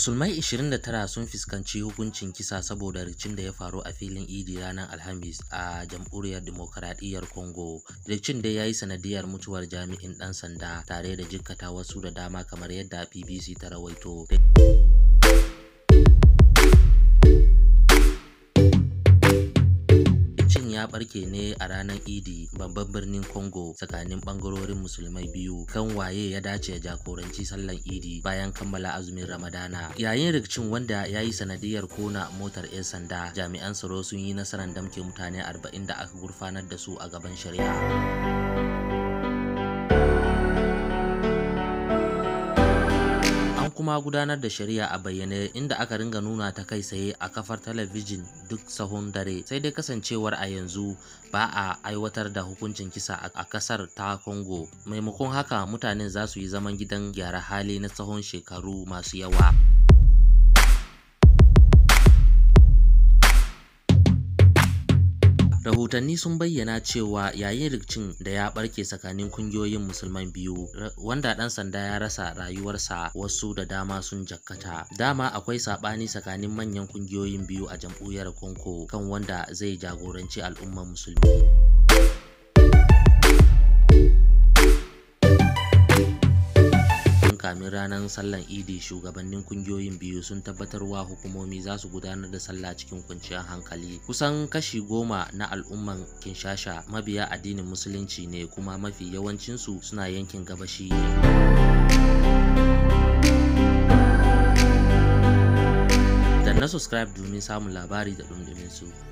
Musulmai 29 sun fuskanci hukuncin kisa saboda rikicin da ya faru a filin Idi ranar Alhamis a Jamhuriyar Demokaradiyyar Congo. Rikicin da ya yi sanadiyar mutuwar jami'in ɗan sanda tare da jikkata wasu da dama kamar yadda BBC ta rawaito. barke ne a ranar Idi babban birnin Congo tsakanin ɓangarorin musulmai biyu kan waye ya dace jagoranci sallar Idi bayan kammala azumin Ramadana. Yayin rikicin wanda ya yi sanadiyar kona motar 'yan sanda jami'an tsaro sun yi nasarar damke mutane 40 da aka gurfanar da su a gaban shari'a. kuma gudanar da shari'a a bayyane inda aka ringa nuna ta kai tsaye a kafar talabijin duk sahun dare sai dai kasancewar a yanzu ba a aiwatar da hukuncin kisa a kasar ta Congo maimakon haka mutanen za su yi zaman gidan gyara hali na tsawon shekaru masu yawa. rahotanni sun bayyana cewa yayin rikicin da ya barke tsakanin kungiyoyin musulman biyu wanda dan sanda ya rasa rayuwarsa wasu da dama sun jakkata dama akwai sabani tsakanin manyan kungiyoyin biyu a jam'iyyar konko kan wanda zai jagoranci al'ummar musulmi kamin ranar sallar idi shugabannin kungiyoyin biyu sun tabbatar wa hukumomi za su gudanar da sallah cikin kwanciyar hankali kusan kashi goma na al'umman kinshasha mabiya addinin musulunci ne kuma mafi yawancinsu suna yankin gabashi da na subscribe domin samun labari da dundumin su